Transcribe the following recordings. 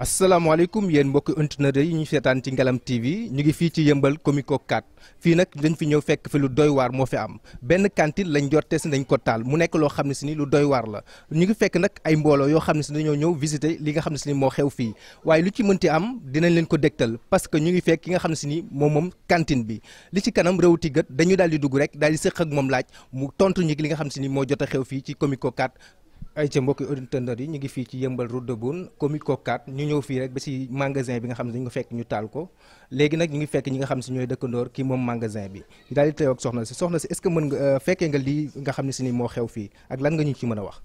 asalaamaaleykum yéen mbokki internet yi ñu seetaan ci Ngalam TV ñu ngi fii ci yëmbal Comico 4 fii nag dañ fi ñëw fekk fi lu doy waar moo fi am benn cantine lañ jorte si nañ ko taal mu nekk loo xam ne si ni lu doy waar la ñu ngi fekk nag ay mbooloo yoo xam ne si ñëw visiter li nga xam ne si ni moo xew fii waaye lu ci mënti am dinañ leen ko dégtal parce que ñu ngi fekk ki nga xam ne si ni moom moom cantine bi li ci kanam réwuti gët dañu daal di dugg rek daal di sëq ak moom laaj mu tontu ñi li nga xam ne si ni moo jot a xew fii ci Comico ay ca mbokki auditeurs yi ñu ngi fii ci yëmbal route de Boune commune Kokaat ñu ñëw fii rek ba si magasin bi nga xam ne dañu ko fekk ñu taal ko léegi nag ñu ngi fekk ñi nga xam si ñooy dëkkandoor kii moom magasin bi daal di teew ak soxna si soxna si nga euh, fekkee nga nga xam ne si ni moo xew fii ak lan nga ñu ci mën a wax.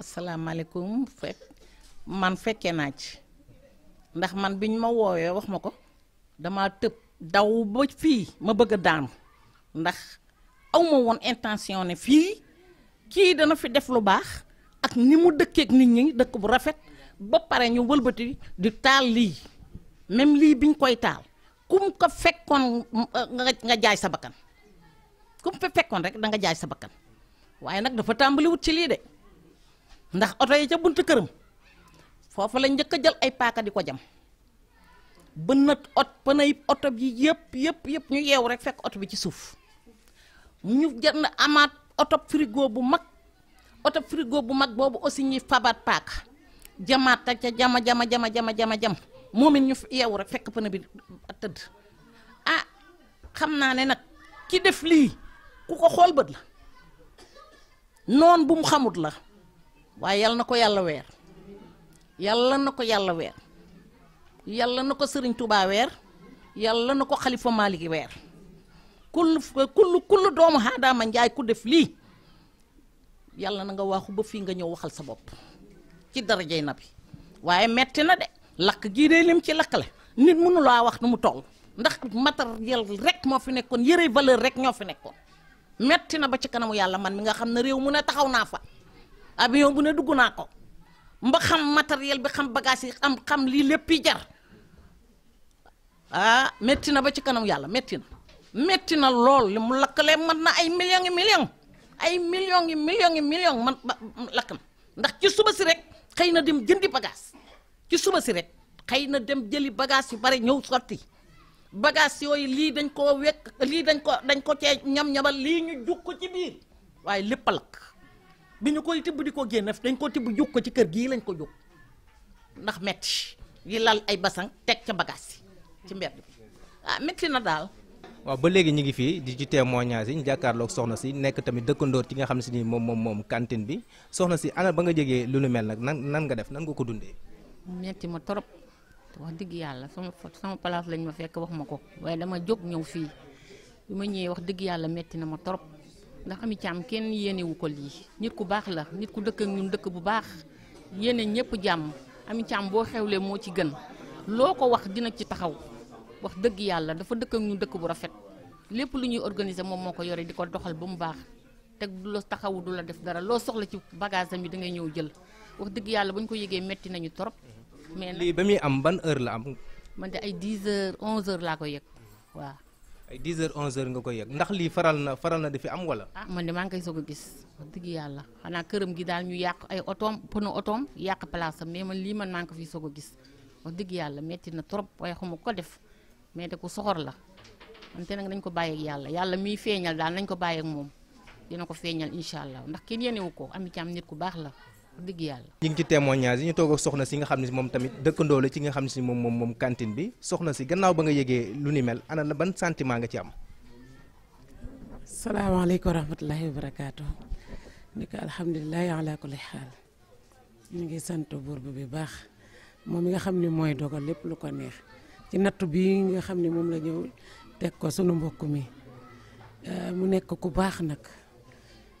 asalaamaaleykum fekk man fekkee naa ci ndax man bi ñu ma woowee wax ma ko damaa tëb daw ba fii ma bëgg a daanu ndax aw ma woon intention ne fii. kii dana fi def lu baax ak ni mu dëkkeek nit ñi dëkk bu rafet ba pare ñu wëlbati di taal lii même lii biñ koy taal kum ko fekkoon mm, nga jaay sa bakkan kum ko fekkoon rek danga jaay sa bakkan waaye nag dafa tàmbaliwut ci lii de ndax oto yi ca bunt këram foofu la njëkk jël ay paaka di ko jam ba nat ot panay oto bi yëpp yëpp yëpp ñu yeewu rek fekk oto bi ci suuf ñu jënd amaat oto frigo bu mag oto frigo bu mag boobu aussi ñuy fabaat paaka jamaat ca jama jama jama jama jama jam moom it ñu yeewu rek fekk pëna bi tëdd ah xam naa ne nag ki def lii ku ko xool bët la noon bu mu xamut la waaye yàlla na ko yàlla weer yàlla na ko yàlla weer yàlla na ko sëriñ Touba weer yàlla na ko xalifa Malick weer kull kull kull doomu aadama njaay ku def lii yàlla na nga waaxu ba fii nga ñëw waxal sa bopp ci darajay bi waaye metti na de lakk gii de lim ci lakk la nit mënulaa wax nu mu toll ndax matériel rek moo fi nekkoon yëre valeur rek ñoo fi nekkoon metti na ba ci kanamu yàlla man mi nga xam ne réew mu ne taxaw naa fa avion bu ne dugg naa ko mba xam matériel bi xam bagage yi am xam lii lépp yi jar ah metti na ba ci kanamu yàlla metti na metti na lool li mu lakkalee man na ay millions yi millions ay millions yi millions yi millions lakk na ndax ci suba si rek xëy na dem jëndi bagaas ci suba si rek xëy na dem jëli bagage yu bari ñëw sotti bagage yooyu lii dañ koo wekk lii dañ ko dañ ko cee ñam-ñamal lii ñu jug ko ci biir waaye lépp lakk bi ñu koy tibb di ko génne dañ koo tibb jug ko ci kër gii lañ ko jug ndax metti yi lal ay basang teg ca bagage yi ci mbedd bi ah metti na daal waaw ba léegi ñu ngi fii di ci témoignage yi ñu jàkkaarloog soxna si nekk tamit dëkkandoor ci nga xam si ni moom moom moom cantine bi soxna si ana ba nga jegee lu lu mel nag nan nan nga def nan nga ko dundee. metti ma torop wax dëgg yàlla sama sama place lañu ma fekk wax ma ko waaye dama jóg ñëw fii bi ma ñëwee wax dëgg yàlla metti na ma torop ndax Amy Thiam kenn yéenewu ko lii nit ku baax la nit ku dëkk ak ñun dëkk bu baax yéene ñëpp jàmm Amy Thiam boo xewlee moo ci gën loo ko wax dina ci taxaw. wax dëgg yàlla dafa dëkk ak ñu dëkk bu rafet lépp lu ñuy organiser moom moo ko yore di ko doxal ba mu baax te du la taxawu du la def dara loo soxla ci bagage am yi da ngay ñëw jël wax dëgg yàlla bu ñu ko yëgee metti nañu trop. mais lii ba muy am ban heure la am. man de ay 10 heures 11 laa ko yëg waaw. ay 10 heures 11 nga ko yëg ndax lii faral na faral na dafi am wala. ah man de maa ngi koy soog a gis wax yàlla xanaa këram gi daal ñu yàq ay otoom pono otoom yàq place am mais lii man maa ko fiy soog a gis wax dëgg yàlla metti na trop waaye xamu ko def. mais de ku soxor la wante nag dañ ko bàyyi yàlla yàlla miy feeñal daal nañ ko bàyyi moom dina ko feeñal incha allah ndax kenn yenewu ko am Amy am nit ku baax la digg yàlla. ñu ngi ci témoignage yi toog soxna si nga xam ne moom tamit dëkkandoo la ci nga ne si moom moom moom bi soxna si gannaaw ba nga yëgee lu ni mel ana na ban sentiment nga ci am. salaamaaleykum wa rahmatulahi wa barakaatu. ni ko alhamdulilahi ala kulli xaal ñu ngi sant buur bi bu baax moom mi nga xam ne mooy dogal lépp lu ko neex. ci nattu bi nga xam ne moom la ñëw teg ko sunu mbokk mi euh, mu nekk ku baax nag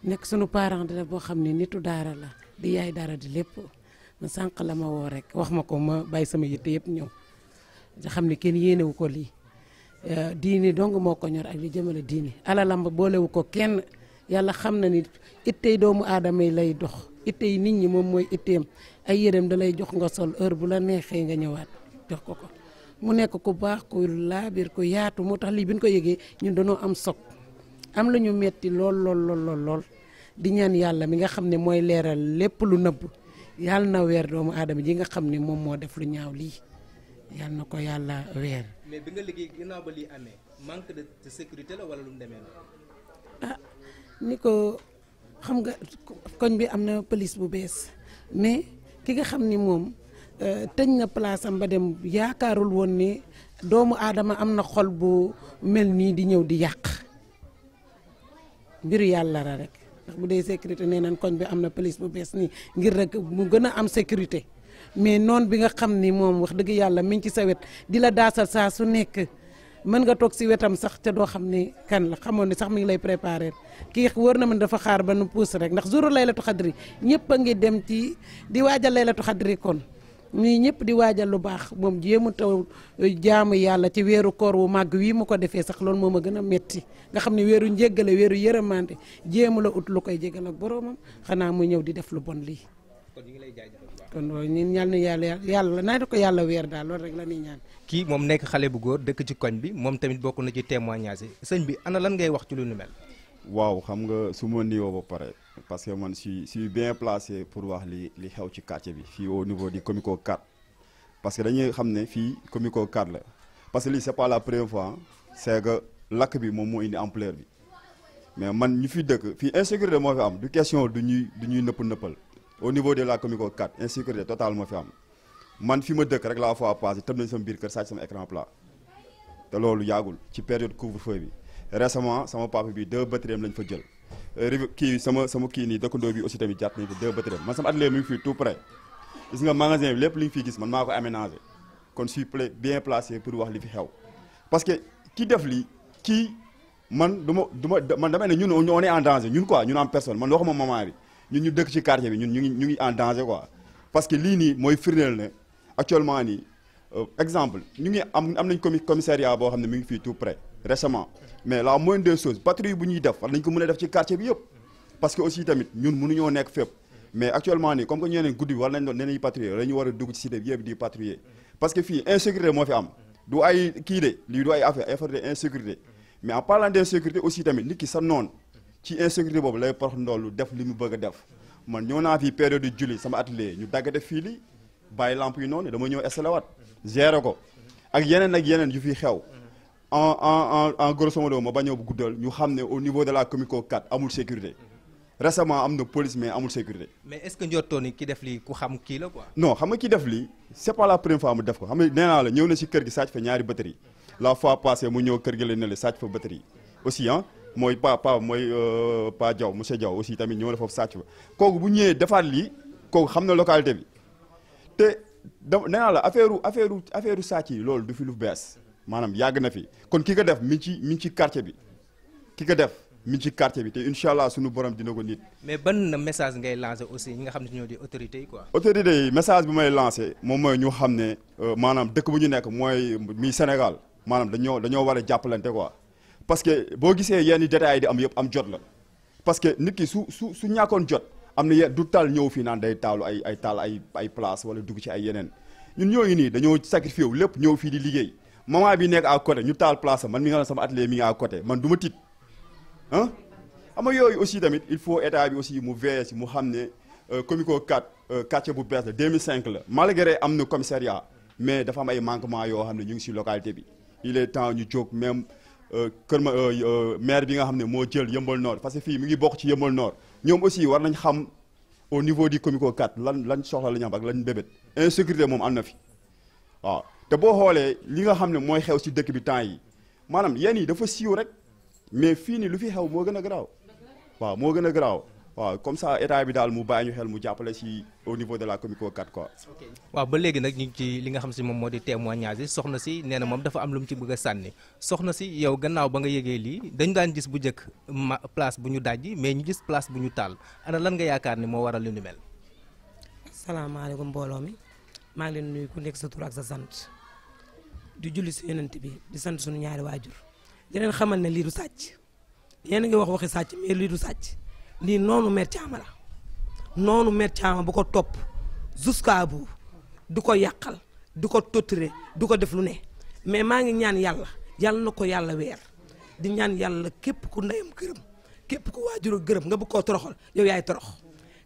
nekk sunu parent dina boo xam ne nitu daara la di yaay daara di lépp ma sànq la ma woo rek wax ma ko ma bàyyi sama yitte yëpp ñëw nga xam ne kenn yéenewu ko lii euh, diini dong moo ko ñor ak li jëmale diini alalam boolewu ko kenn yàlla xam na ni ittey doomu aadama yi lay dox ittey nit ñi moom mooy itteem ay yërëm da lay jox nga sol heure bu la neexee nga ñëwaat jox ko ko mu nekk ku baax ku laabir ku yaatu moo tax lii bi nu ko yëgee ñun dañoo am soog am la ñu metti lool lool lool di ñaan yàlla mi nga xam ne mooy leeral lépp lu nëbb yàlla na weer doomu aadama ji nga xam ne moom moo def lu ñaaw lii yàlla na ko yàlla weer. mais bi nga ba lii amee manque de sécurité la wala lu mu demee ah ni ko xam nga koñ bi am na police bu bees mais ki nga xam ni moom. Euh, tëñ na place am ba dem yaakaarul woon nii doomu aadama am na xol bu mel nii di ñëw di yàq mbiru yàlla la rek ndax bu dee sécurité nee nañ koñ bi am na police bu bees nii ngir rek mu gën a am sécurité mais noon bi nga xam ni moom wax dëgg yàlla mi ngi ci sa wet di la daasal saa su nekk mën nga toog si wetam sax te doo xam ni kan la xamoon ni sax mi ngi lay préparer kii wër na man dafa xaar ba nu puus rek ndax jour laylatu xadri ñëpp ngi dem ci di waajal laylatu xadri kon ñii ñëpp di waajal lu baax moom jéem a taw eh, jaamu yàlla ci weeru koor wu màgg wii mu ko defee sax loolu moom a gën a metti nga xam ne weeru njéggale weeru yërëmande jéem la ut lu koy jégal ak boroomam xanaa mu ñëw di def lu bon lii. kon ngi lay jaajëfal kon loolu ñun ñal na yàlla yàlla naa ko yàlla weer daal loolu rek la ñuy ñaan. kii moom nekk xale bu góor dëkk ci koñ bi moom tamit bokk na ci témoignage yi sëñ bi ana lan ngay wax ci lu nu mel. waaw xam nga su ma nuyoo ba pare parce que man suis suis bien placé pour wax li li xew ci quartier bi fii au niveau du Comico 4 parce que dañuy xam ne fii Comico 4 la parce que lii c'est pas la première fois c'est lakk bi moom moo indi ampleur bi mais man ñu fi dëkk fii insécurité moo fi am du question du ñuy du ñuy nëpp nëppal au niveau de la Comico 4 insécurité totale moo fi am man fi ma dëkk rek la fois passée tëm nañ sama biir kër sàcc sama écran plat te loolu yaagul ci période couvre bi récemment sama papa bi deux batteries lañ fa jël. Euh, kii sama sama kii nii dëkkandoo bi aussi tamit jàpp nañu ko deux ba man sama atelier mi ngi fii tout près gis nga magasin bi lépp li nga fiy gis man maa ko aménagé kon je suis bien placé pour wax li fi xew parce que ki def lii kii man du ma du ma man damay ne ñun on est en danger ñun quoi ñun am personne man waxuma maman bi ñun ñu dëkk ci quartier bi ñun ñu ngi ñu ngi en danger quoi parce que lii nii mooy firndeel ne actuellement nii euh, exemple ñu ngi am am nañ comi commissariat xam ne mi ngi fii tout près récemment mais la moindre des choses patrouille bu ñuy def war nañ ko mën a def ci quartier bi yëpp parce que aussi tamit ñun mënuñoo nekk fépp mais actuellement nii comme que ñeneen guddi war nañ doon nee nañu patrouiller dañu war a dugg ci cité bi yëpp di patrouiller parce que fii insécurité moo fi am du ay kii de lii du ay affaire effort de insécurité mais en parlant d' insécurité aussi tamit nit ki sa noonu ci insécurité boobu lay porox ndoolu def li mu bëgg def man ñëw naa fii période de sama atelier ñu dagg def fii li bàyyi lamp yi noonu dama ñëw estalawaat gérer ko ak yeneen ak yeneen yu fi xew en en en grosso modo ma bañ a guddal ñu xam ne au niveau de la Comico 4 amul sécurité récemment am na police mais amul sécurité. mais est-ce que njortoo ni ki def lii ku xam kii la quoi. non xam nga ki def lii c'est pas la première fois mu def ko xam nga nee naa la ñëw na ci kër gi sàcc fa ñaari batterie la fois passée mu ñëw kër gi la ne la fa batterie aussi ah mooy pa pa mooy euh, pa Diaw monsieur Diaw aussi tamit ñëw na foofu sàcc fa kooku bu ñëwee defaat lii kooku xam na localité bi te da nee naa la affaire affaire affaire sàcc yi loolu du fi lu bees. maanaam yàgg na fi kon ki ko def mi ci mi ci quartier bi ki ko def mu ci quartier bi te incha allah suñu borom dina ko nit. mais ban message ngay lancer aussi ñi nga xam ne ñoo di autorités yi quoi. autorités yi message bi may lancer moom mooy ñu xam ne euh, maanaam dëkk bu ñu nekk mooy mi Sénégal maanaam dañoo dañoo war a jàppalante quoi parce que boo gisee yenn détails yi di am yëpp am jot la parce que nit ki su su su ñàkkoon jot am na du taal ñëw fii naan day taalu ay ay taal ay ay place wala dugg ci ay yeneen ñun ñooñu nii dañoo sacrifié wu lépp ñëw fii di liggéey. moment bi nekk à côté ñu taal place man mi nga xam sama atelier mi ngi à man du ma tiit ah xam yooyu aussi tamit il faut état aussi mu veiller si mu xam ne euh, comico 4 euh, quartier bu bees la 2005 la malgré am na commissariat mais dafa am ay yoo xam ne ñu ngi si localité bi il temps ñu jóg même euh, kër ma maire bi nga xam ne moo jël yëmbal nord parce que fii mi ngi bokk ci yëmbal nord ñoom aussi war xam au niveau du comico 4 lan lan soxla la ñu ak lan bébét insécurité moom am na fi waaw te boo xoolee li nga xam ne mooy xew si dëkk bi temps yi maanaam yéen yi dafa siiw rek mais fii nii lu fi xew moo gën a garaaw waaw moo gën a garaaw waaw comme ça état bi daal mu bàyyi ñu xel mu jàppale si au niveau de la comico 4 quoi. waaw ba léegi nag ñu ngi ci li nga xam si moom moo di témoignage yi soxna si nee na moom dafa am lu mu ci bëgg a sànni soxna si yow gannaaw ba nga yëgee lii dañu daan gis bu njëkk ma place bu ñu dajji mais ñu gis place bu ñu taal ana lan yaakaar ni moo waral lu ni mel. salaamaaleykum mbooloo mi maa ngi leen nuyu ku nekk sa tur ak sa sant. di julli si yonent bi di sant sunu ñaari waajur di leen xamal na lii du sàcc yéen a ngi wax waxi sàcc mais lii du sàcc lii noonu mer caama la noonu mer bu ko topp jusqu'à bout du ko yàqal du ko tottiré du ko def lu ne mais maa ngi ñaan yàlla yàlla na ko yàlla weer di ñaan yàlla képp ku ndeyam gërëm képp ku waajur gërëm nga bëgg koo toroxal yow yaay torox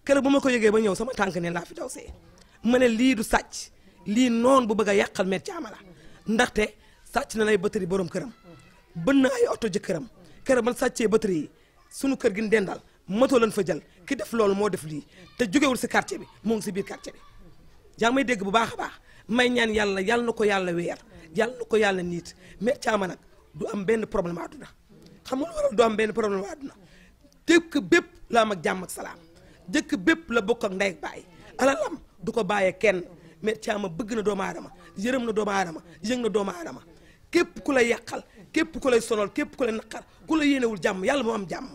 kër bu ma ko yëgee ba ñëw sama tànk ne ma lii du sàcc lii noonu bu bëgg a yàqal mer caama ndaxte sàcc na lay batterie borom këram bën na ay oto jëkkëram këram man sàccee batterie yi sunu kër gi ñu dendal moto lañ fa jël ki def loolu moo def lii te jógewul si quartier bi moo ngi si biir quartier bi yaa may dégg bu baax a baax may ñaan yàlla yàlla na ko yàlla weer yàlla na ko yàlla niit mais caama nag du am benn problème adduna xam nga lu du am benn problème àdduna dëkk bépp la am ak jàmm ak salaam dëkk bépp la bokk ak ndey ak baay alalam du ko bàyyee kenn Maître Thiam bëgg na doomu aadama yërëm na doomu aadama yëng na doomu adama képp ku lay yàqal képp ku lay sonal képp ku lay naqar ku la yéenewul jàmm yàlla moo am jàmm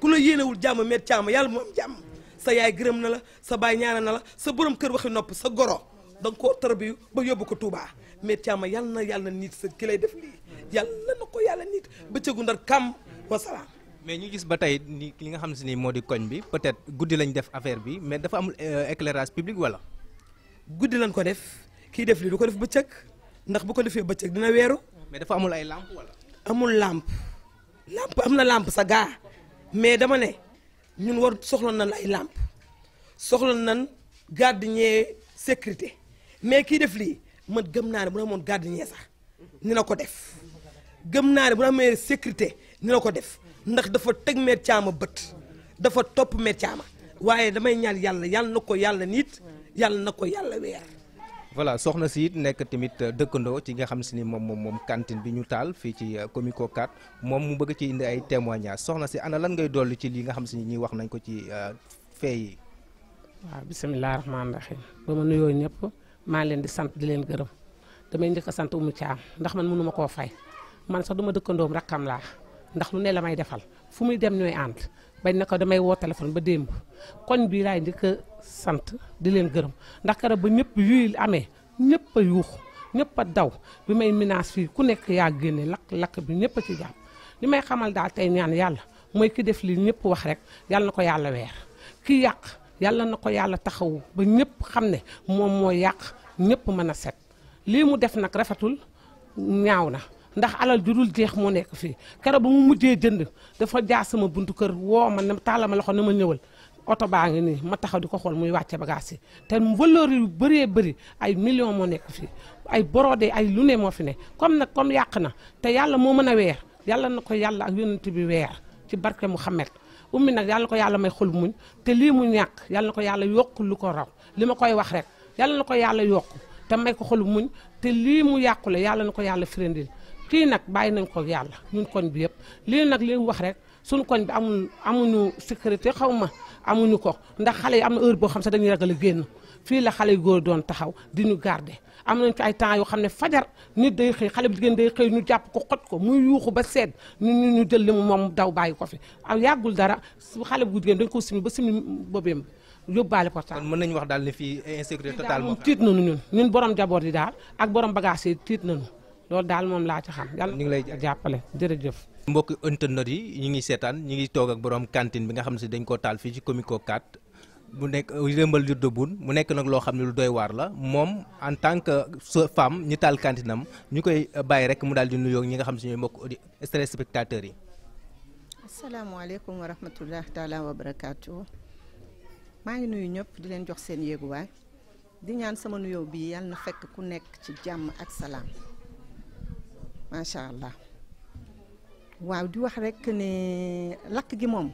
ku la yéenewul jàmm Maître Thiam yàlla moo am sa yaay gërëm na la sa baay ñaana na la sa borom kër waxi nopp sa goro da nga koo ba yóbbu ko Touba Maître Thiam yàlla na yàlla nit sa ki lay def lii yàlla na ko yàlla nit bëccëgu ndar kam wasalaam mais ñu gis ba tey ni li nga xam si ni moo di koñ bi peut-être guddi lañ def affaire bi mais dafa amul euh, éclairage public wala guddi lañ ko def kii def lii du ko def bëccëg ndax bu ko defee bëccëg dina weeru. mais dafa amul ay làmp wala. amul làmp làmp am na làmp sa gaa mais dama ne ñun war soxla nañ ay làmp soxla nañ gardien sécurité mais kii def lii man gëm naa ne bu amoon gardien sax ni na ko def gëm naa ne bu amee sécurité ni na ko def ndax dafa teg Maître Thiam bët dafa topp Maître Thiam waaye damay ñaan yàlla yàlla na ko yàlla nit yàlla na ko yàlla weer. voilà soxna si it nekk tamit euh, dëkkandoo ci nga xam si ni moom moom moom cantine bi ñu taal fii ci euh, Comico 4 moom mu bëgg ci indi ay témoignages soxna si ana lan ngay dolli ci li nga xam si ni ñuy wax nañ ko ci euh, fee yi. waaw bisimilah rahmaani rahiim ba ma nuyoo ñëpp maa leen di sant di leen gërëm damay njëkk a sant Oumou Thiam ndax man mënu ma koo fay man sax duma ma dëkkandoom rakkam laa ndax lu ne la may defal fu muy dem ñooy ànd bañ na ko damay ba démb sant di leen gërëm ndax keroog ba ñëpp yuy amee ñëpp yuux ñëpp daw bi may menace fii ku nekk yaa génne lakk-lakk bi ñëpp a ci jàpp li may xamal daal tey ñaan yàlla mooy ki def lii ñëpp wax rek yàlla na ko yàlla weer ki yàq yàlla na ko yàlla taxawu ba ñëpp xam ne moom moo yàq ñëpp mën a set lii mu def nag rafetul ñaaw na ndax alal ju dul jeex moo nekk fii keroog ba mu mujjee jënd dafa jaar sama buntu kër woo ma ne tàllama loxo ne ma ñëwal oto baa ngi nii ma taxaw di ko xool muy wàcce bagage yi te valeur yu bëree bëri ay million moo nekk fii ay borodé ay lu ne moo fi ne comme nag kom yàq na te yàlla moo mën a weer yàlla na ko yàlla ak yonent bi weer ci barke Muhammad ummi nag yàlla ko yàlla may xol muñ te lii mu ñàkk yàlla na ko yàlla yokk lu ko raw li ma koy wax rek yàlla na ko yàlla yokk te may ko xol muñ te lii mu yàqule yàlla na ko yàlla firindil kii nag bàyyi nañ ko yàlla ñun koñ bi yëpp lii nag li wax rek suñu koñ bi amul amuñu sécurité xaw ma amuñu ko ndax xale yi am na heure boo xam sax dañuy ragal a génn fii la xale yu góor doon taxaw di ñu garder am nañ ci ay temps yoo xam ne fajar nit day xëy xale bu jigéen day xëy ñu jàpp ko xoj ko muy yuuxu ba sedd ñu ñu jël li mu moom daw bàyyi ko fi aw yàggul dara xale bu jigéen dañ ko simi ba simi boobeem yóbbaale ko taal kon mën nañu wax daal ne fii insécurité totale moom tiit nañu ñun ñun borom jaboot yi daal ak borom bagage tiit na nu loolu daal moom laa ci xam yàlla ñu ngi lay jàppale jërëjëf mbokk internet yi ñu ngi seetaan ñu ngi toog ak borom cantine bi nga xam si dañ koo taal fii ci Comico 4 bu nekk yëmbal jur de bun mu nekk nag loo xam ne lu doy waar la moom en tant que femme ñu taal cantine ñu koy bàyyi rek mu daal di nuyoo ñi nga xam si ñooy mbokk audi téléspectateurs yi. asalaamaaleykum wa rahmatulah taalaa wa barakaatu. maa ngi nuyu ñëpp di leen jox seen yéeguwaay di ñaan sama nuyoo bi yàlla na fekk ku nekk ci jàmm ak salaam macha allah. waaw di wax rek ne lakk gi moom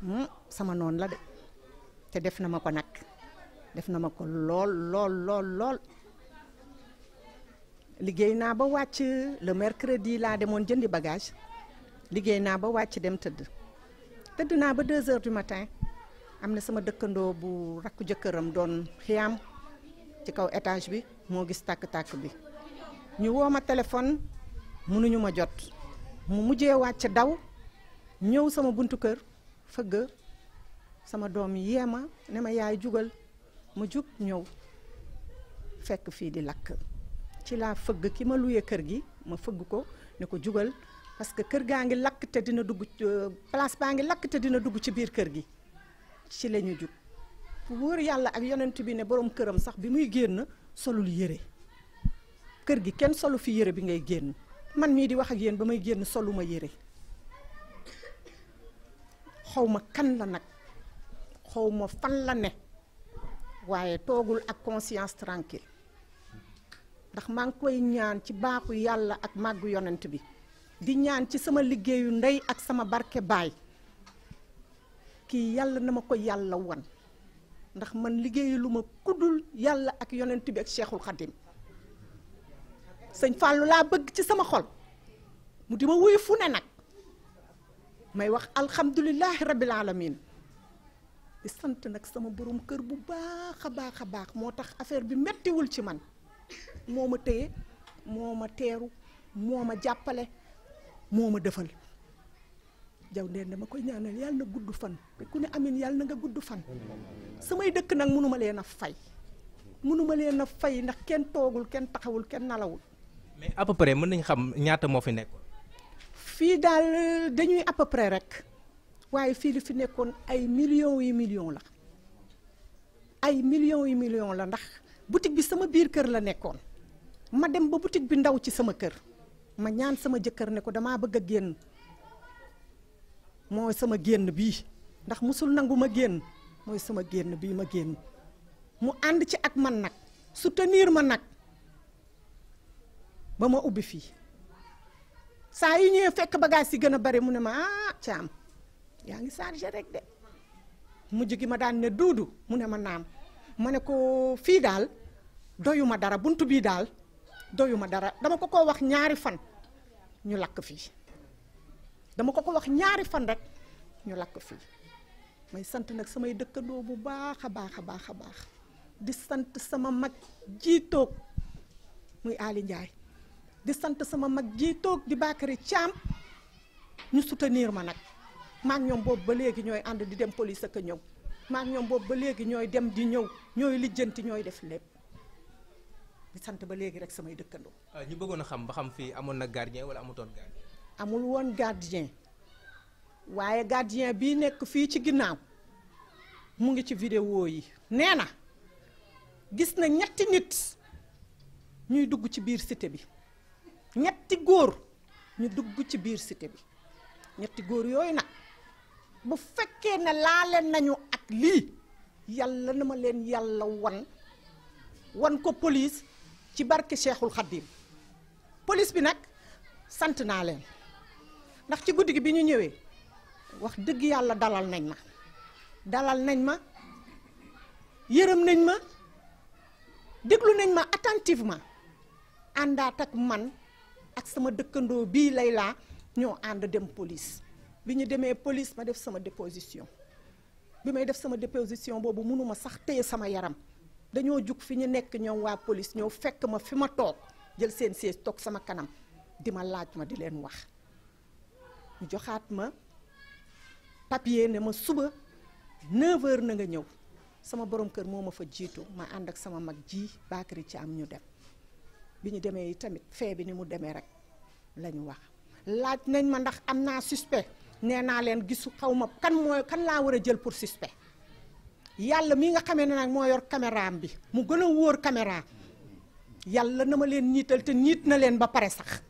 hmm, sama noon la de te def na ma ko nag def na ma ko lool lool lool lool liggéey naa ba wàcc le mercredi laa demoon jëndi bagage liggéey naa ba wàcc dem tëdd tëdd naa ba deux heures du matin am na sama dëkkandoo bu rakku jëkkëram doon xiyaam ci kaw étage bi moo gis tàkk-tàkk bi ñu woo ma téléphone mënuñu ma jot mu mujjee wàcc daw ñëw sama buntu kër fëgg sama doom yi yee ma ne ma yaay jugal ma jug ñëw fekk fii di lakk ci laa fëgg ki ma luye kër gi ma fëgg ko ne ko jugal parce que kër gaa ngi lakk te dina dugg euh, place baa ngi lakk dina dugg ci biir kër gi ci la ñu jug wóor yàlla ak yonent bi ne borom këram sax bi muy génn solul yére kër gi kenn solu fi yére bi ngay génn man mii di wax ak yéen ba may génn soluma yére xaw ma kan la nag xawma fan la ne waaye toogul ak conscience tranquille ndax maa ngi koy ñaan ci baaxu yàlla ak màgg yonent bi di ñaan ci sama liggéeyu ndey ak sama barke baay kii yàlla na ma ko yàlla wan ndax man liggéeyu lu ma kuddul yàlla ak yonent bi ak Cheikhul Khadim sëñ Fallou laa bëgg ci sama xol mu di ma wuyu fu ne nag may wax alhamdulilahi rabbil alamin di sant nag sama borom kër bu baax a baax a baax moo tax affaire bi mettiwul ci man moo ma téye moo ma teeru moo ma jàppale moo ma defal jaw ndeen dama koy ñaanal yàlla na gudd fan te ku ne amin yàlla na nga gudd fan samay dëkk nag mënuma leen a fay mënuma leen a fay ndax kenn toogul kenn taxawul kenn nalawul mais à peu près mën nañ xam ñaata moo fi nekkoon. fii daal dañuy à peu près rek waaye fii li fi nekkoon ay millions yu millions la ay millions yu millions la ndax boutique bi sama biir kër la nekkoon ma dem ba boutique bi ndaw ci sama kër ma ñaan sama jëkkër ne ko damaa bëgg a génn mooy sama génn bii ndax musul nangu ma génn mooy sama génn bii ma génn mu ànd ci ak man nag soutenir ma nag. ba ma ubbi fii saa yu ñëwee fekk bagage yi gën a bari mu ne ma ah caam yaa ngi chargé rek de mujj gi ma daan ne duudu mu ne ma naam ma ne ko fii daal doyuma dara bunt bii daal doyuma dara dama ko ko wax ñaari fan ñu lakk fii dama ko ko wax ñaari fan rek ñu lakk fii may sant nag samay dëkkandoo bu baax a baax a baax a baax di sant sama mag jiitoog muy Aly di sant sama mag ji toog di Bakary Thiam ñu soutenir ma nag maak ñoom boobu ba léegi ñooy ànd di dem police ak ñëw maak ñoom boobu ba léegi ñooy dem di ñëw ñooy lijjanti ñooy def lépp di sant ba léegi rek samay dëkkandoo. Ah, ñu bëggoon a xam ba xam fii amoon na gardien wala amutoon gardien. amul woon gardien waaye gardien bii nekk fii ci ginnaaw mu ngi ci vidéo yi nee na gis na ñetti nit ñuy dugg ci biir cité bi. ñetti góor ñu dugg ci biir cité bi ñetti góor yooyu nag bu fekkee ne laale nañu ak lii yàlla na ma leen yàlla wan wan ko police ci barke Cheikhul Khadim police bi nag sant naa leen ndax ci guddi gi bi ñu ñëwee wax dëgg yàlla dalal nañ ma dalal nañ ma yërëm nañ ma déglu nañ ma attentivement àndaat ak man ak sama dëkkandoo bii lay laa ñoo ànd dem police bi ñu demee police ma def sama déposition bi may def sama déposition boobu mënuma sax téye sama yaram dañoo jug fi ñu nekk ñoom waa police ñoo fekk ma fi ma toog jël seen siège toog sama kanam di ma laaj ma di leen wax joxaat ma papier ne ma suba 9h na nga ñëw sama borom kër moo ma fa jiitu ma ànd ak sama mag ji Bakary ci am ñu dem bi ñu demee tamit fee bi ni mu demee rek la ñu wax laaj nañ ma ndax am naa suspect nee naa leen gisu xaw ma kan mooy kan laa war a jël pour suspect yàlla mii nga xamee ne nag moo yor caméra bi mu gën a wóor caméra yàlla na ma leen niital te niit na leen ba pare sax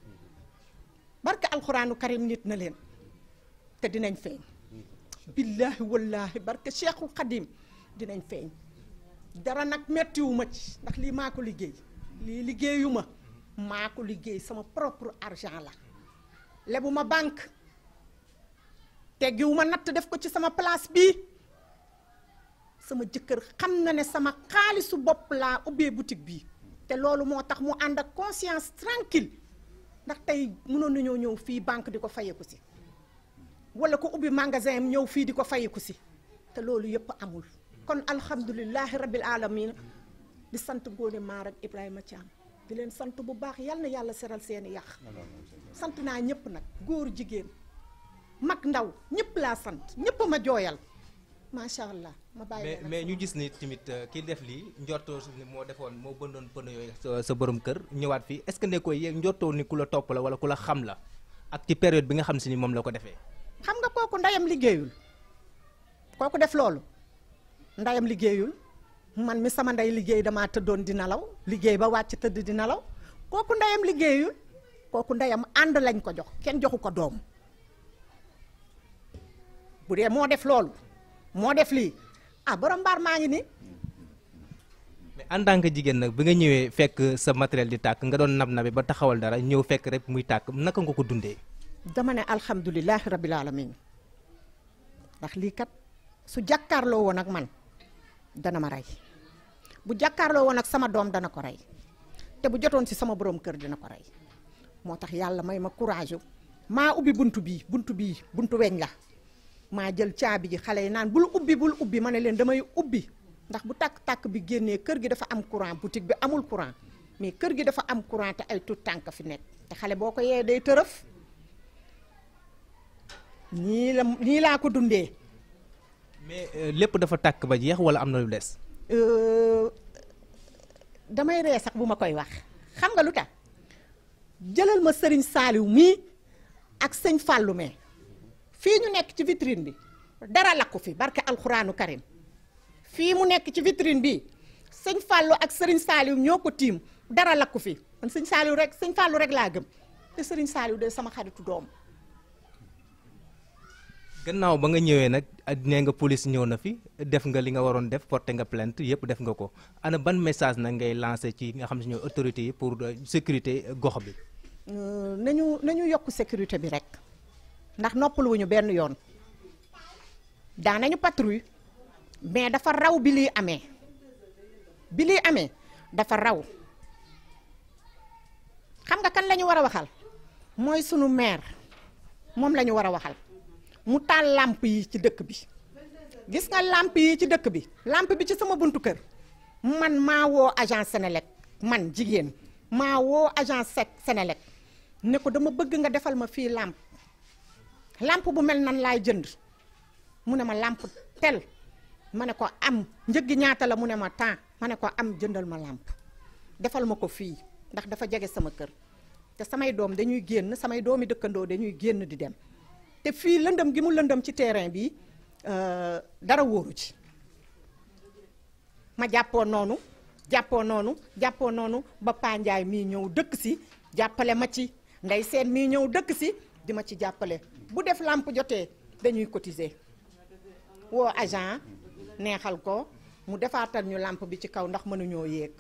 barke alxuraanu karim niit na leen te dinañ feeñ billaahi wallaahi barke cheikhul xadim dinañ feeñ dara nag mettiwu ma ci ndax lii maa ko liggéey lii liggéeyuma ma maa ko liggéey sama propre argent la lebu ma banque teggiwu ma natt def ko ci sama place bii sama jëkkër xam na ne sama xaalisu bopp laa ubbee boutique bii te loolu moo tax mu ànd ak conscience tranquille ndax tey mënoon nañoo ñëw fii banque di ko fayeku si wala ko ubbi magasin am ñëw fii di ko fayeku si te loolu yëpp amul kon alhamdulilahi rabbil alamin sant Ngoné Mar ak Ibrahima Thiam di leen sant bu baax yal na yàlla seral seeni yàq sant naa ñëpp nag góor jigéen mag ndaw ñëpp laa sant ñëpp ma jooyal macha allah ma bàyyi mais ñu gis ni tamit euh, ki def lii njortoo ni moo defoon moo bëndoon pëne yooyu sa sa borom kër ñëwaat fii est-ce que ne koy yéeg njortoo ni ku la topp la wala ku la xam la ak ci période bi nga xam si ni moom la ko defee xam nga kooku ndeyam liggéeyul kooku def loolu ndeyam liggéeyul man mi sama ndey liggéey damaa tëddoon di nelaw liggéey ba wàcc tëdd di nelaw kooku ndeyam liggéeyul kooku ndeyam ànd lañ ko jox kenn joxu ko doom bu dee moo def loolu moo def lii ah borom mbaar maa ngi nii. mais en tant que jigéen nag bi nga ñëwee fekk sa matériel di tàkk nga doon nab nabi ba taxawal dara ñëw fekk rek muy tàkk naka nga ko dundee. dama ne alhamdulilah rabil alamin ndax lii kat su jàkkaarloo woon ak man dana ma rey. bu jàkkaarloo woon ak sama doom dana ko rey te bu jotoon ci sama borom kër dina ko rey moo tax yàlla may ma courage maa ubbi buntu bii bunt bii bunt weñ la maa jël caabi ji xale yi naan bul ubbi bul ubbi ma ne leen damay ubbi ndax bu tàkk-tàkk bi génnee kër gi dafa am courant boutique bi amul courant mais kër gi dafa am courant te ay tout tànk fi nekk te xale boo ko yee day tërëf nii la nii laa ko dundee. mais euh, lépp dafa tàkk ba jeex walla am na lu des. Euh, damay ree sax bu ma koy wax xam nga lu tax jëlal ma sëriñ saaliw mii ak sëñ fàllu mee fii ñu nekk ci vitrine bi dara lakku fi barke alxuraanu karim fii mu nekk ci vitrine bi sëñ fàllu ak sëriñ saaliw ñoo ko tiim dara lakku fi man sëñ saaliw rek sëñ fàllu rek laa gëm te sëriñ saaliw de sama xaritu doom gannaaw ba nga ñëwee nag nee nga police ñëw na fi def nga li nga waroon def porté nga plainte yëpp def nga ko ana ban message na ngay lancé ci nga xam si ñoo autorité yi pour euh, sécurité gox bi. Euh, nañu nañu yokk sécurité bi rek ndax noppaluwuñu benn yoon daanañu patrouille mais dafa raw bi liy amee bi liy amee dafa raw xam nga kan lañu war a waxal mooy sunu maire moom la ñu war a waxal. mu taal làmp yi ci dëkk bi gis nga làmp yi ci dëkk bi làmp bi ci sama buntu kër man maa woo agent Senelec man jigéen maa woo agent Senelec ne ko dama bëgg nga defal ma fii làmp làmp bu mel nan laay jënd mu ne ma làmp tel ma ne ko am njëg ñaata la mu ne ma temps ma ne ko am jëndal ma làmp defal ma ko fii ndax dafa jege sama kër te samay doom dañuy génn samay doomi dëkkandoo dañuy génn di dem te fii lëndëm gi mu lëndëm ci terrain bi euh, dara wóoru ci ma jàppoo noonu jàppoo noonu jàppoo noonu ba Panjaay mii ñëw dëkk si jàppale ma ci ndey seen mii ñëw dëkk si di ma ci jàppale bu def làmp jotee dañuy cotiser woo agent neexal ko mu defaatal ñu làmp bi ci kaw ndax mënuñoo yéeg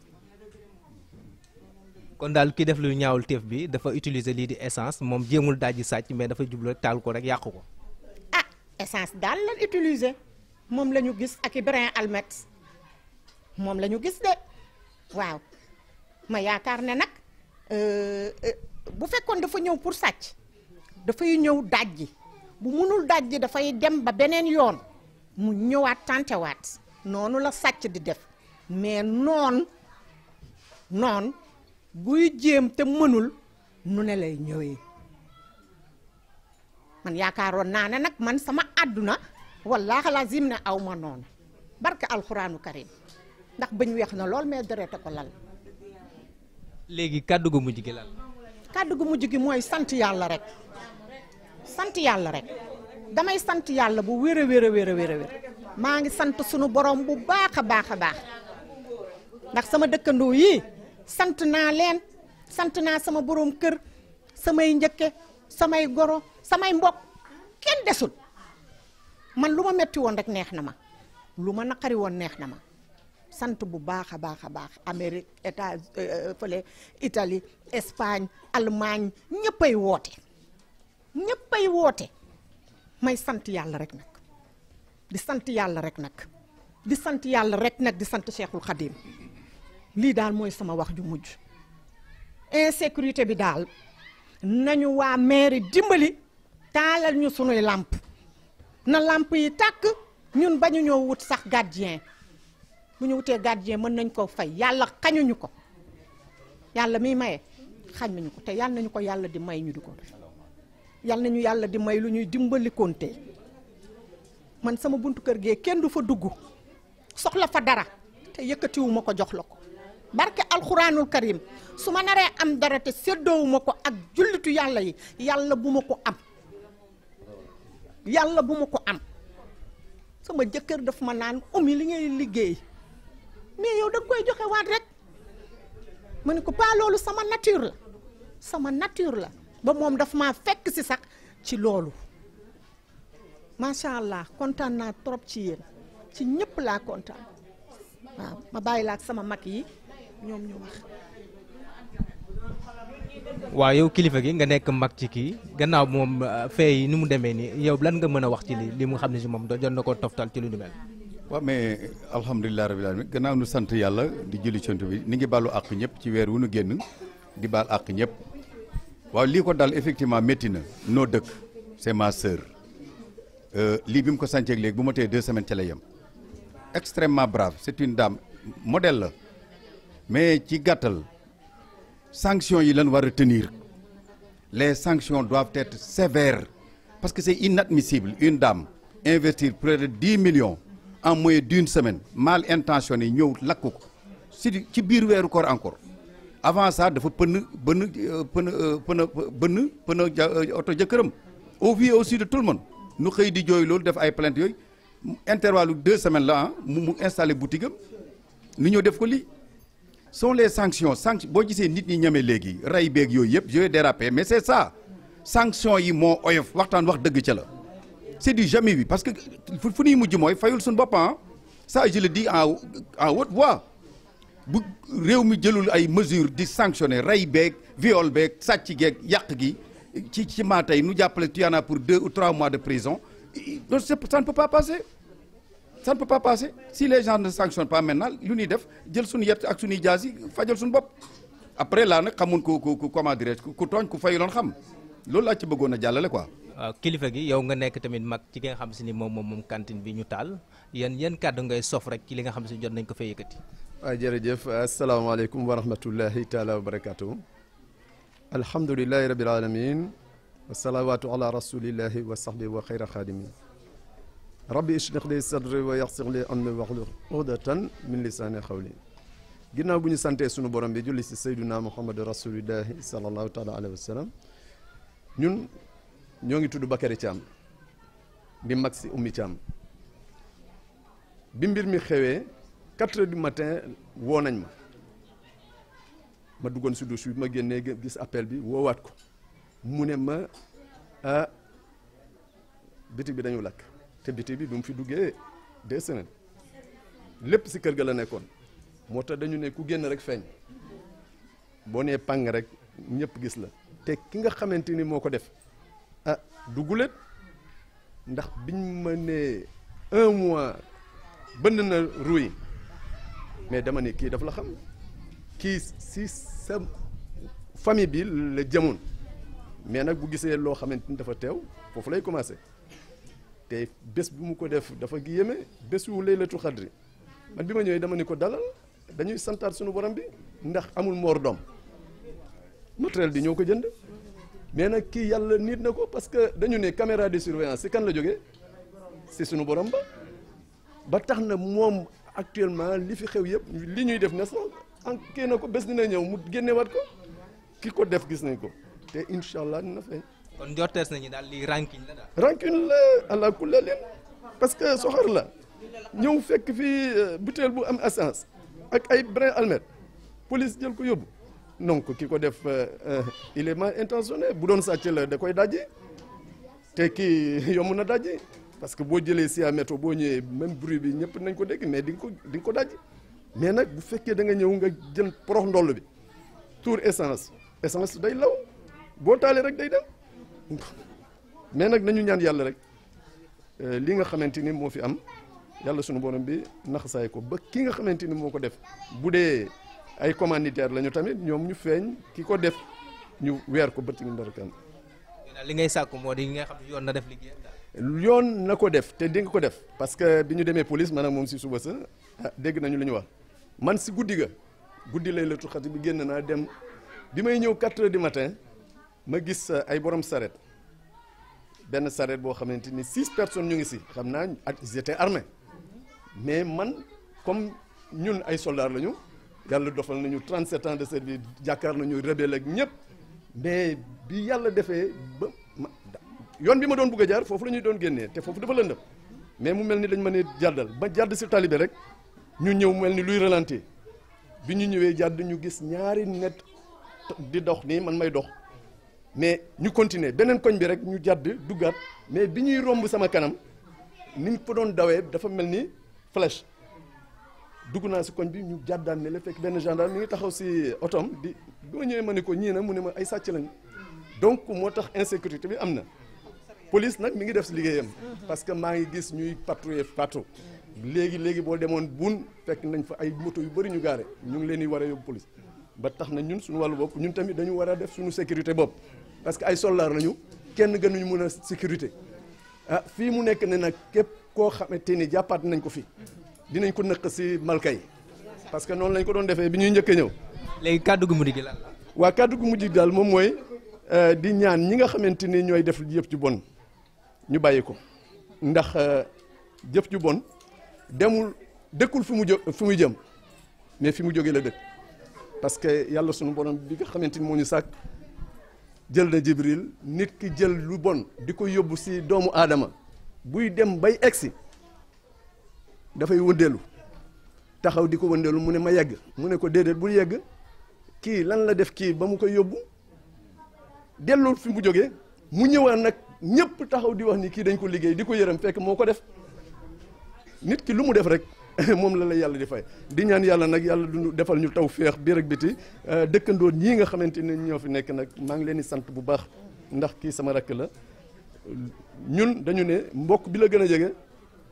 kon daal ki def lu ñaawul teef bi dafa utiliser lii di essence moom jéemul daal di sàcc mais dafa jublu rek taal ko rek yàqu ko. ah essence daal la utilise moom lañu gis ak i brin almet moom lañu gis de waaw ma yaakaar ne nag euh, euh, bu fekkoon dafa ñëw pour sàcc dafay ñëw dajji bu munul dajji dafay dem ba beneen yoon mu ñëwaat tantewaat noonu la sàcc di def mais noon noon buy jéem te mënul nu ne lay ñëwee man yaakaaroon naa ne nag man sama àdduna wallaahi yim ne aw ma noonu barke alxuraanu karim ndax bañ weex na lool mais derete ko lal léegi kàddu gu mujj gi lal kàddu gu mujj gi mooy sant yàlla rek sant yàlla rek damay sant yàlla bu wér a wér a wér wér maa ngi sant sunu borom bu baax a baax a baax ndax sama dëkkandoo yii sant naa leen sant naa sama boroom kër samay njëkke samay goro samay mbokk kenn desul man lu ma metti woon rek neex na ma lu ma naqari woon neex na ma sant bu baax a baax a baax Amérique état euh, fële itali Espagne Allemagne ñëppay woote ñëppay woote may sant yàlla rek nag di sant yàlla rek nag di sant yàlla rek nag di sant Cheikhul Khadim lii daal mooy sama wax ju mujj insécurité bi daal nañu waa meeri dimbali taalal ñu sunuy làmp na làmp yi tàkk ñun bañu ñoo wut sax gardien bu ñu wutee gardien mën nañ ko fay yàlla xañuñu ko yàlla miy maye xañ nañu ko te yàlla nañu ko yàlla di may ñu di ko yàlla nañu yàlla di may lu ñuy dimbalikoonte man sama buntu kër gee kenn du fa dugg soxla fa dara te yëkkatiwuma ko jox la ko barke alxuraanul karim su ma naree am dara te séddoowuma ko ak jullitu yàlla yi yàlla bu ma ko am yàlla bu ma ko am sama jëkkër dafa ma naan umi li ngay liggéey mais yow da koy joxe waat rek ma ne ko pas loolu sama nature la sama nature la ba moom dafa maa fekk si sax ci loolu macha allah kontaan naa trop ci yéen ci ñëpp laa kontaan waaw ma bàyyi la ak sama mag yi. ñoom waaw yow kilifa gi nga nekk mag ci kii gannaaw moom euh, fee yi ni mu demee nii yow lan nga mën a wax ci li li mu xam ne si moom doo jot na ko toftal ci lu nu mel. waaw mais alhamdulilah rabbil alamin gannaaw nu sant yàlla di julli sant bi ni ngi baalu àq ñëpp ci weer wu nu génn di baal àq ñépp waaw lii ko dal effectivement métti na noo dëkk c'est ma euh, lii bi mu ko sànceeg léegi bu ma tee deux semaines ca yem extrêmement brave c'est une dame model la. mais ci gàttal sanctions yi lañ war a tenir les sanctions doivent être sévères parce que c'est inadmissible une dame investir près de dix millions en moins d'une semaine mal intentionné ñëw lakk ko si ci biir weeru koor encore avant ça dafa pënn bënn euh, pën euh, pën bënn pën euh, oto jëkkëram au vu et au su de tout le monde nu xëy di jooy loolu def ay plainte yooyu intervalle deux semaines la ah mu mu installé boutique am nu ñëw def ko lii sont les sanctions sanction boo gisee nit ñi ñeme léegi rey beek yooyu yëpp yooyu dérapé mais c'est ça sanction yi moo oyof waxtaan wax dëgg ca la c'est du jamais bi parce que fu ñuy mujj mooy fayul suñ boppam ça je le dis en en haute bu réew mi jëlul ay mesures di sanctionner rey beeg viol beeg sàcc geeg yàq gi ci ci maa tey nu jàppale Tuyana pour deux ou trois mois de prison donc ça ne peut pas passer ça ne peut pas si les gens ne sanctionnent pas maintenant lu ñuy def jël suñu yett ak suñuy jaas yi fajal suñu bopp après laa nag xamun ku ku ku comment ku tooñ ku fayuloon xam loolu laa ci bëggoon a jàllale ko waaw kilifa gi yow nga nekk tamit mag ci ki nga xam si ni moom moom moom cantine bi ñu taal yan yan kàddu ngay sof rek ci li nga xam si jot nañ ko fay yëkkati. waaw jërëjëf asalaamaaleykum wa rahmatullahi taala wa barakaatu. alhamdulilahi rabil alamin wasalawaatu ala rasulillahi wa sahbi wa xayra rabbi ishrah li sadri wa yassir li amri wahlul uqdatan min lisaani qawli ginnaaw bu ñu santee suñu borom bi julli si sayduna muhammadu rasulillahi salallahu taala alayhi wa sallam ñun ñoo ngi tudd Bakary Thiam di mag si Oumy Thiam bi mbir mi xewee quatre heures du matin woo nañ ma ma duggoon si douche bi ma génnee gis appel bi woowaat ko mu ne ma ah bitig bi dañu lakk te biti bi bi mu fi duggee deux semaines lépp si kër gi la nekkoon moo tax dañu ne ku génn rek feeñ boo nee pàng rek ñëpp gis la te ki nga xamante ni moo ko def ah duggulet ndax biñ ma nee un mois bënd na ruy mais dama ne kii daf la xam kii si sa famille bi la jëmoon mais nag bu gisee loo xamante ni dafa teew foofu lay commencé te bés bi mu ko def dafa gi yéeme bésu laylatu xadri man bi ma ñëwee dama ni ko dalal dañuy santaat suñu borom bi ndax amul moor doom matériel bi ñoo ko jënd mais nag kii yàlla nit na ko parce que dañu ne caméra de surveillance si kan la jógee si suñu borom ba ba tax na moom actuellement li fi xew yëpp li ñuy def na soo enqué na ko bés na ñëw mu génnewaat ko ki ko def gis nañ ko te incha allah dina fay kon njortees nañu daal lii rancune la daal. rancune la allah kulli leen parce que soxor la ñëw fekk fii euh, butéel bu am essence ak ay brin almet police jël ko yóbbu donc ki ko def euh, euh, il est bu doon sàcc la da koy daje te kii yomb na daje parce que boo jëlee si métro boo ñëwee même bruit bi ñëpp nañ ko dégg mais di nga ko di ko dajji mais nag bu fekkee da nga ñëw nga jël porox ndoll bi tour essence essence day law boo taalee rek day dem. mais nag nañu ñaan yàlla rek euh, li nga xamante ni moo fi am yàlla sunu borom bi naxasaay ko ba ki nga xamante ni moo ko def bu dee ay commanditaire lañu tamit ñoom ñu feeñ ki ko def ñu weer ko bëtt ngi ndarakan li ngay sàkku moo di nga xam yoon na def liggéey yoon na ko def te di nga ko def parce que bi ñu demee police man ak moom si suba sa ah, dégg nañu li ñu wax man si guddi ga guddi lay latu xati bi génn naa dem bi may ñëw 4 di du matin ma gis eh, ay borom saret benn saret boo xamante ni six personnes ñu ngi si xam naa ak ils étaient mais man comme ñun ay soldats lañu yàlla dofal nañu 37 ans de service jàkkaar nañu rebelle ak ñëpp mais bi yàlla defee ba ma yoon bi ma doon bugg a jaar foofu la ñuy doon génnee te foofu dafa lëndëm mais mu mel ni dañ ma ne jàddal ba jàdd si talibe rek ñu ñëw mel ni luy ralenti bi ñu ñëwee jàdd ñu gis ñaari net di dox nii man may dox. mais ñu continuer beneen koñ bi rek ñu jàdd duggaat mais bi ñuy romb sama kanam niñ ko doon dawee dafa mel ni flèche dugg naa si koñ bi ñu jàddaan ne la fekk benn gendarme mu ngi taxaw si otom di bi ma ñëwee ma ne ko ñii na mu ne ma ay sàcc lañ donc moo tax insécurité bi am na police nag mi ngi def si liggéeyam parce que maa ngi gis ñuy patrouiller partout léegi léegi boo demoon bun fekk nañ fa ay moto yu bari ñu gaare ñu ngi leen di war a yóbbu police ba tax na ñun suñu wàllu bopp ñun tamit dañu war a def suñu sécurité bopp parce que ay soldaar lañu kenn gënuñu mën a sécurité ah fii mu nekk ne nag képp koo xamante ni jàppaat nañ ko fi dinañ ko nëq si malka yi parce que noonu lañ ko doon defee bi ñuy njëkk ñëw. léegi kàddu gu mujj gi lan waa kàddu gu mujj gi daal moom mooy euh, di ñaan ñi nga xamante ni ñooy def yëpp ci bon ñu bàyyi ko ndax euh, jëf ju bon demul dëkkul fi mu jë fi muy jëm mais fi mu jógee la dëkk parce que yàlla sunu borom bi nga xamante ni moo ñu sàkk. jël na jibril nit ki jël lu bon di ko yóbbu si doomu aadama buy dem bay egsi dafay wëndeelu taxaw di ko wëndeelu mu ne ma yegg mu ne ko déedéet bul yegg kii lan la def kii ba mu ko yóbbu dellul fi mu jógee mu ñëwaan nag ñëpp taxaw di wax ni kii dañ ko liggéey di ko yërëm fekk moo ko def nit ki lu mu def rek moom la la yàlla di fay di ñaan yàlla nag yàlla du defal ñu taw féex biir bi biti euh, dëkkandoo ñii nga xamante ne ñoo fi nekk nag maa ngi leen di sant bu baax ndax kii sama rakk la ñun dañu ne mbokk bi la gën a jege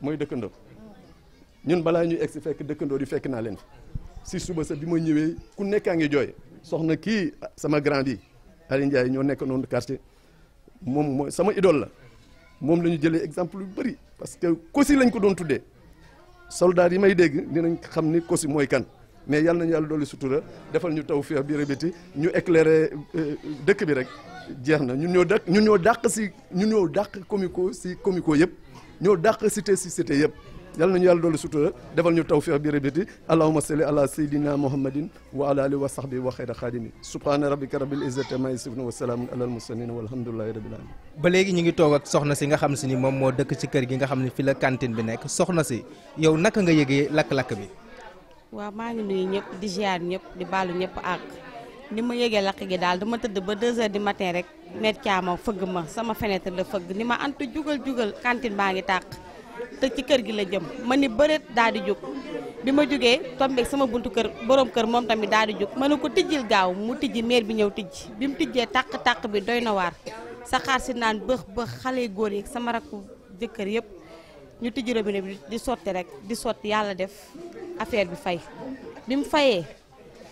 mooy dëkkandoo ñun balaa ñuy si fekk dëkkandoo di fekk naa leen si suba sa bi ma ñëwee ku nekkaa ngi jooy soxna kii sama grand bi Aliou Ndiaye ñoo nekk noonu quartier moom mooy sama idole la moom lañu ñu jëlee exemple yu bëri parce que kosi lañ ko doon tuddee soldats yi may dégg nañ xam ni Kossy mooy kan mais yal nañu yàlla dolli sutura defal ñu taw fii biir biti ñu éclairer euh, dëkk bi rek jeex na ñun ñoo dàq ñu ñoo dàq si ñu ñoo dàq comico si comico yëpp ñoo dàq cité si cité yëpp yal nañu yàlla doolu sutura defal ñu tawfiq bi rabiti allahumma salli ala sayyidina muhammadin wa ala alihi wa sahbihi wa xayra xaadimi subhana rabbika rabbil izzati ma yasifun ba léegi ñu ngi toog ak soxna si nga xam si ni moom moo dëkk ci kër gi nga xam ne fi la cantine bi nekk soxna si yow naka nga yëgee lakk-lakk bi waaw maa ngi nuyu ñëpp di ziar ñëpp di baalu ñëpp ak ni ma yëgee lakk gi daal dama tëdd ba 2 heures du matin rek met caama fëgg ma sama fenêtre la fëgg ni ma antu jugal jugal baa ngi tàq te ci kër gi la jëm ma ni bëreet daal di jóg bi ma jógee tombeeg sama buntu kër borom kër moom tamit daal di jóg ma ne ko tijjil gaaw mu tijji maire bi ñëw tijji bi mu tijjee tàq-tàq bi doy na waar saxaar si naan bëx bëx xale góor yi sama rakku jëkkër yëpp ñu tijji robinet di sotti rek di sotti yàlla def affaire bi fay bi mu fayee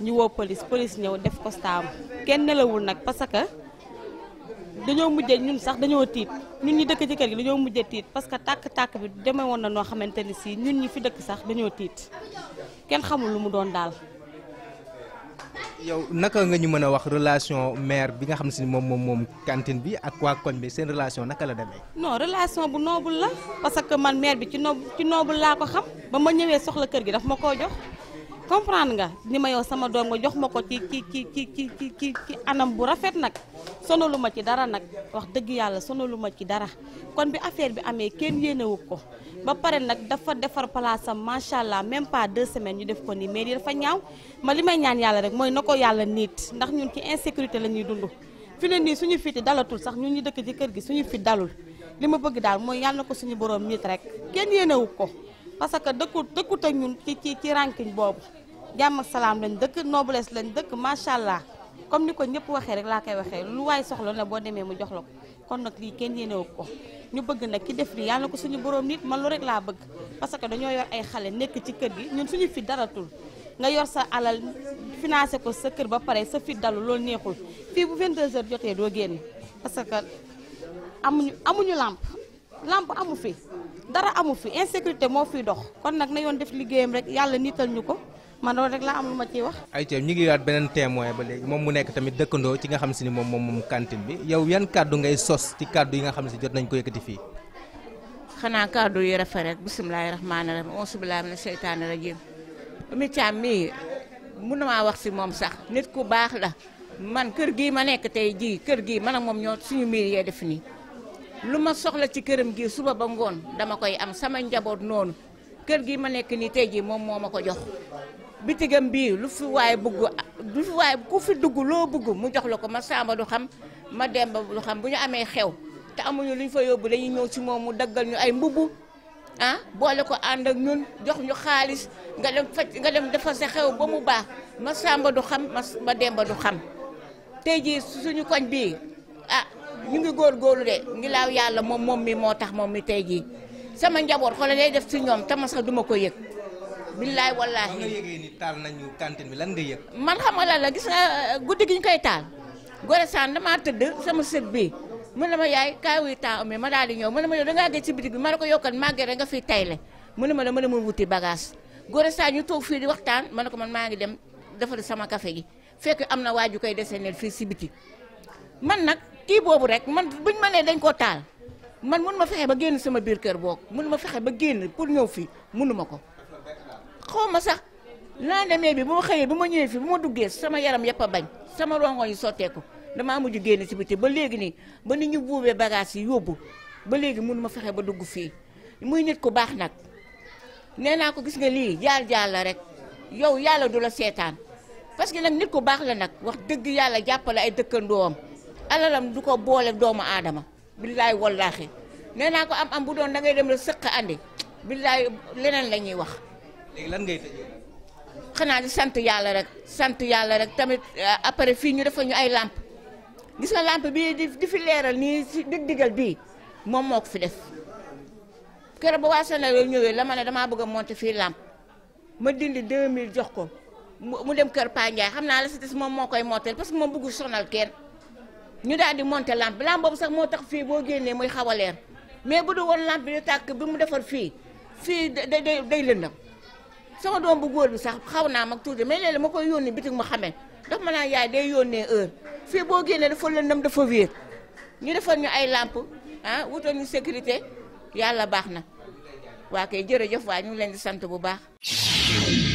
ñu woo police police ñëw def kostaam kenn nelawul nag parce dañoo mujjee ñun sax dañoo tiit ñun ñi dëkk ci kër gi dañoo mujjee tiit parce que tàkk-tàkk bi demee woon na noo xamante ni sii ñun ñi fi dëkk sax dañoo tiit kenn xamul lu mu doon daal. yow naka nga ñu mën a wax relation maire bi nga xam ne si moom moom moom cantine bi ak waa koñ bi seen relation naka la demee. non relation bu noble la parce que man maire bi ci noob ci noble laa ko xam ba ma ñëwee soxla kër gi dafa ma koo jox. comprendre nga ni ma yow sama doom nga jox ma ko ci ci ci ci ci ci ci anam bu rafet nag sonalu ma ci dara nag wax dëgg yàlla sonalu ma ci dara kon bi affaire bi amee kenn yéenewu ko ba pare nag dafa defar place am macha allah même pas deux semaines ñu def ko nii mais li dafa ñaaw ma li may ñaan yàlla rek mooy na ko yàlla niit ndax ñun ci insécurité la ñuy dund fi leen suñu fiiti dalatul sax ñun ñu dëkk ci kër gi suñu fit dalul li ma bëgg daal mooy yàlla na ko suñu borom nit rek kenn yéenewu ko parce que dëkkut dëkkut ak ñun ci ci ci ranking boobu jàmm salaam lañ dëkk noblesse lañ dëkk macha allah comme ni ko ñëpp waxee rek laa koy waxee lu waaye soxla ne boo demee mu jox la ko kon nag lii kenn yéenewu ko ñu bëgg nag ki def lii yàlla ko suñu borom nit man lu rek laa bëgg parce que dañoo yor ay xale nekk ci kër gi ñun suñu fi daratul nga yor sa alal financé ko sa kër ba pare sa fit dalu loolu neexul fii bu 22h jotee doo génn parce que amuñu amuñu làmp làmp amu fi dara amu fi insécurité moo fiy dox kon nag na yoon def liggéeyam rek yàlla niital ñu ko man loolu rek laa am lu ma ciy wax. ayca ñu ngi yaat beneen témoin ba léegi moom mu nekk tamit dëkkandoo ci nga xam si ni moom moom moom bi yow yan kàddu ngay sos ci kàddu yi nga xam si jot nañ ko yëkkati fii. xanaa kàddu yi rafet rek bisimilahi rahmaani rahim auzu billahi mina seytaani rajim mi caam mii mun na wax si moom sax nit ku baax la man kër gii ma nekk tey jii kër gii man moom ñoo suñu miir yee def nii lu ma soxla ci këram gii suba ba ngoon dama koy am sama njaboot noonu kër gi ma nekk nii tey jii moom moo ma ko jox bitigam bii lu fi waay bugg lu fi waay ku fi dugg loo bugg mu jox la ko ma samba du xam ma demba du xam bu ñu amee xew te amuñu lu ñu fa yóbbu dañuy ñëw ci moom mu daggal ñu ay mbubb ah boole ko ànd ak ñun jox ñu xaalis nga dem faj nga dem defar sa xew ba mu baax ma samba du xam ma demba du xam tey jii suñu koñ bii ah ñu ngi góor góorgóorlu de ngi laaw yàlla moom moom mi moo tax moom mi tey jii sama njaboot xoolal lay def si ñoom te ma sax duma ko yëg billaay wallaahi nga yëgee ni taal nañu cantine bi lan nga yëg. man xam nga lan la gis nga euh, guddi gi ñu koy taal Gore Sane damaa tëdd sama sët bi mu ne ma yaay kaay wuy temps amee ma daal di ñëw mu ne ma yow dangaa gëj ci bitig bi ma ne ko yokkal màggee rek nga fiy tayle mu ne ma dama demoon wuti bagage Gore Sane ñu toog fii di waxtaan ma ne ko man maa ngi dem defar sama kafe gi fekk am na waa ju koy deseneel fii si biti man nag kii boobu rek man buñ ma nee dañ koo taal man mun ma fexe ba génn sama biir kër boog mun ma fexe ba génn pour ñëw fii ma ko xaw ma sax lendemain bi bu ma xëyee bu ma ñëwee fi bu ma duggee sama yaram yëpp a bañ sama rongo yi sotteeku damaa mujj génn si biti ba léegi nii ba ni ñu buubee bagaas yi yóbbu ba léegi mënu ma fexe ba dugg fii muy nit ku baax nag nee naa ko gis nga lii jaar jaar la rek yow yàlla du la seetaan parce que nag nit ku baax la nag wax dëgg yàlla jàppale ay dëkkandoom alalam du ko boole doomu aadama billaay wallaahi nee naa ko am am bu doon da ngay dem la sëq andi billaay leneen la ñuy wax léegi lan xanaa di sant yàlla rek sant yàlla rek tamit euh, après fii ñu defal ñu ay làmp gis nga làmp bii di di fi leeral nii si dig digal bii moom moo ko fi def keroog ba waa Sénégal ñëwee la ma ne damaa bëgg a monter fii làmp ma dindi 2000 jox ko mu dem kër Pa Ndiaye xam naa la si des moom moo koy monter parce que moom bëggul sonal kenn ñu daal di monter lampe lampe boobu sax moo tax fii boo génnee muy xaw a leer mais bu du woon lampe bi di tàkk bi mu defar fii fii day day lëndam sama doom bu góor bi sax xaw naa mag tuuti may léeg-léeg ma koy yónni bitig mu xamee daf ma naa yaay day yónnee heure fii boo génnee dafa lëndëm dafa wéer ñu defal ñu ay làmp ah wutal ñu sécurité yàlla baax na waa kay jërëjëf waay ñu ngi leen di sant bu baax.